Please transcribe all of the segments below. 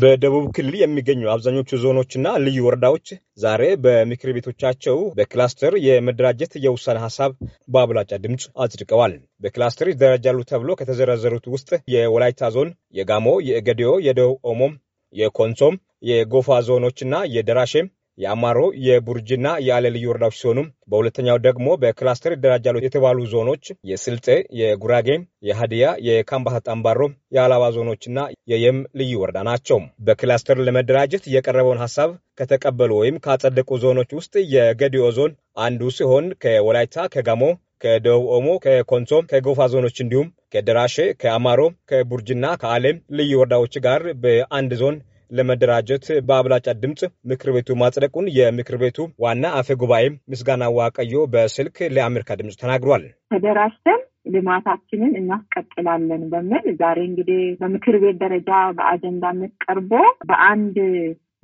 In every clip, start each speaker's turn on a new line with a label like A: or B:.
A: በደቡብ ክልል የሚገኙ አብዛኞቹ ዞኖችና ልዩ ወረዳዎች ዛሬ በምክር ቤቶቻቸው በክላስተር የመደራጀት የውሳኔ ሀሳብ በአብላጫ ድምፅ አጽድቀዋል። በክላስተር ይደራጃሉ ተብሎ ከተዘረዘሩት ውስጥ የወላይታ ዞን፣ የጋሞ፣ የገዲዮ፣ የደቡብ ኦሞም፣ የኮንሶም፣ የጎፋ ዞኖችና የደራሼም የአማሮ የቡርጅና የአለ ልዩ ወረዳዎች ሲሆኑ በሁለተኛው ደግሞ በክላስተር ይደራጃሉ የተባሉ ዞኖች የስልጤ፣ የጉራጌ፣ የሀዲያ፣ የካምባታ ጠምባሮ፣ የአላባ ዞኖችና የየም ልዩ ወረዳ ናቸው። በክላስተር ለመደራጀት የቀረበውን ሀሳብ ከተቀበሉ ወይም ካጸደቁ ዞኖች ውስጥ የገዲኦ ዞን አንዱ ሲሆን ከወላይታ፣ ከጋሞ፣ ከደቡብ ኦሞ፣ ከኮንሶ፣ ከጎፋ ዞኖች እንዲሁም ከደራሼ፣ ከአማሮ፣ ከቡርጅና ከአሌም ልዩ ወረዳዎች ጋር በአንድ ዞን ለመደራጀት በአብላጫ ድምፅ ምክር ቤቱ ማጽደቁን የምክር ቤቱ ዋና አፈ ጉባኤ ምስጋና ዋቀዮ በስልክ ለአሜሪካ ድምፅ ተናግሯል።
B: ተደራጅተን ልማታችንን እናስቀጥላለን በሚል ዛሬ እንግዲህ በምክር ቤት ደረጃ በአጀንዳነት ቀርቦ በአንድ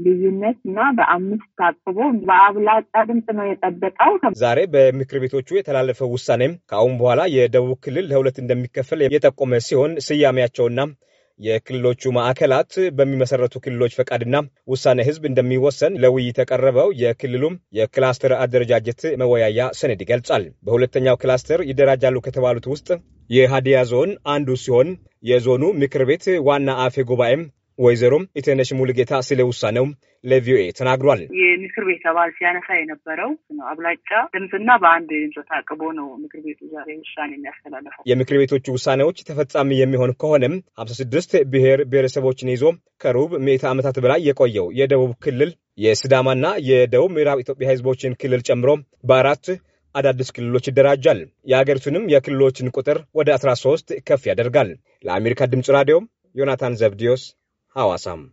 B: ልዩነት እና በአምስት ታቅቦ በአብላጫ ድምፅ ነው የጠበቀው።
A: ዛሬ በምክር ቤቶቹ የተላለፈው ውሳኔም ከአሁን በኋላ የደቡብ ክልል ለሁለት እንደሚከፈል የጠቆመ ሲሆን ስያሜያቸውና የክልሎቹ ማዕከላት በሚመሰረቱ ክልሎች ፈቃድና ውሳኔ ህዝብ እንደሚወሰን ለውይይት የቀረበው የክልሉም የክላስተር አደረጃጀት መወያያ ሰነድ ይገልጻል። በሁለተኛው ክላስተር ይደራጃሉ ከተባሉት ውስጥ የሃዲያ ዞን አንዱ ሲሆን የዞኑ ምክር ቤት ዋና አፈ ጉባኤም ወይዘሮ የተነሽ ሙሉጌታ ስለ ውሳኔው ለቪኦኤ ተናግሯል።
B: የምክር ቤት አባል ሲያነሳ የነበረው አብላጫ ድምፅና በአንድ ድምፅ ታቅቦ ነው ምክር ቤቱ ዛሬ ውሳኔ የሚያስተላለፈው።
A: የምክር ቤቶቹ ውሳኔዎች ተፈጻሚ የሚሆን ከሆነም ሀምሳ ስድስት ብሔር ብሔረሰቦችን ይዞ ከሩብ ምዕተ ዓመታት በላይ የቆየው የደቡብ ክልል የስዳማና የደቡብ ምዕራብ ኢትዮጵያ ህዝቦችን ክልል ጨምሮ በአራት አዳዲስ ክልሎች ይደራጃል። የሀገሪቱንም የክልሎችን ቁጥር ወደ 13 ከፍ ያደርጋል። ለአሜሪካ ድምፅ ራዲዮ ዮናታን ዘብዲዮስ Awesome